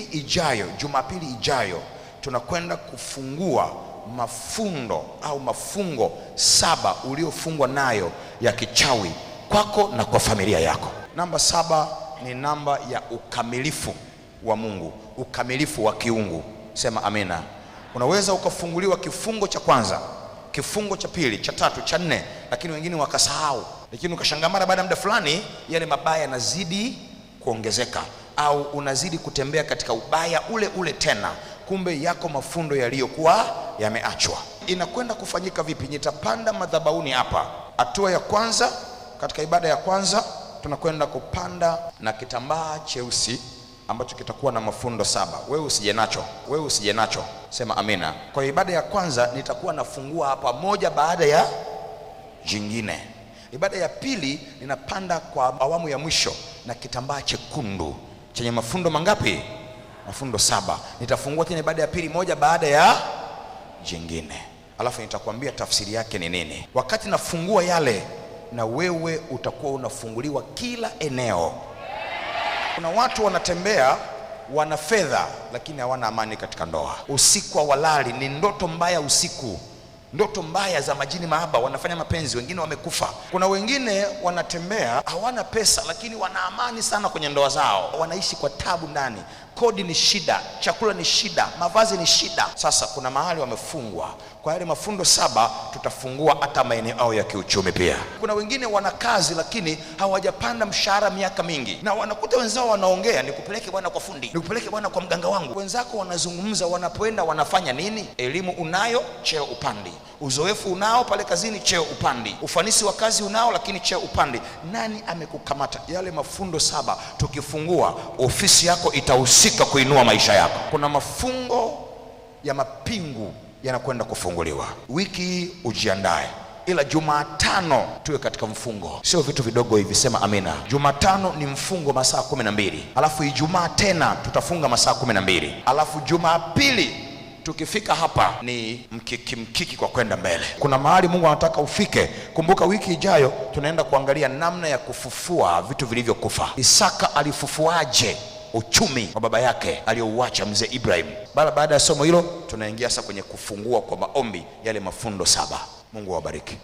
wiki ijayo, Jumapili ijayo, tunakwenda kufungua mafundo au mafungo saba uliofungwa nayo ya kichawi kwako na kwa familia yako. Namba saba ni namba ya ukamilifu wa Mungu, ukamilifu wa kiungu. Sema amina. Unaweza ukafunguliwa kifungo cha kwanza, kifungo cha pili, cha tatu, cha nne, lakini wengine wakasahau, lakini ukashangamana baada ya muda fulani, yale mabaya yanazidi kuongezeka au unazidi kutembea katika ubaya ule ule tena, kumbe yako mafundo yaliyokuwa yameachwa. Inakwenda kufanyika vipi? Nitapanda madhabahuni hapa. Hatua ya kwanza katika ibada ya kwanza, tunakwenda kupanda na kitambaa cheusi ambacho kitakuwa na mafundo saba. Wewe usije nacho, wewe usije nacho, sema amina. Kwa ibada ya kwanza nitakuwa nafungua hapa moja baada ya jingine. Ibada ya pili ninapanda kwa awamu ya mwisho na kitambaa chekundu chenye mafundo mangapi? Mafundo saba. Nitafungua tena ibada ya pili, moja baada ya jingine, alafu nitakwambia tafsiri yake ni nini. Wakati nafungua yale, na wewe utakuwa unafunguliwa kila eneo. Kuna watu wanatembea wana fedha, lakini hawana amani katika ndoa. Usiku wa walali ni ndoto mbaya usiku ndoto mbaya za majini mahaba, wanafanya mapenzi, wengine wamekufa. Kuna wengine wanatembea hawana pesa, lakini wana amani sana kwenye ndoa zao, wanaishi kwa tabu ndani. Kodi ni shida, chakula ni shida, mavazi ni shida. Sasa kuna mahali wamefungwa. Kwa yale mafundo saba, tutafungua hata maeneo yao ya kiuchumi pia. Kuna wengine wana kazi, lakini hawajapanda mshahara miaka mingi, na wanakuta wenzao wanaongea, nikupeleke bwana kwa fundi, nikupeleke bwana kwa mganga wangu. Wenzako wanazungumza, wanapoenda wanafanya nini? Elimu unayo, cheo upandi Uzoefu unao pale kazini, cheo upandi. Ufanisi wa kazi unao, lakini cheo upandi. Nani amekukamata? Yale mafundo saba, tukifungua ofisi yako itahusika kuinua maisha yako. Kuna mafungo ya mapingu yanakwenda kufunguliwa wiki hii, ujiandae ila Jumatano tuwe katika mfungo, sio vitu vidogo hivi, sema amina. Jumatano ni mfungo masaa kumi na mbili alafu Ijumaa tena tutafunga masaa kumi na mbili alafu Jumapili tukifika hapa ni mkiki mkiki kwa kwenda mbele. Kuna mahali Mungu anataka ufike. Kumbuka wiki ijayo tunaenda kuangalia namna ya kufufua vitu vilivyokufa. Isaka alifufuaje uchumi wa baba yake aliyouacha mzee Ibrahim? Bara baada ya somo hilo tunaingia sasa kwenye kufungua kwa maombi yale mafundo saba. Mungu awabariki.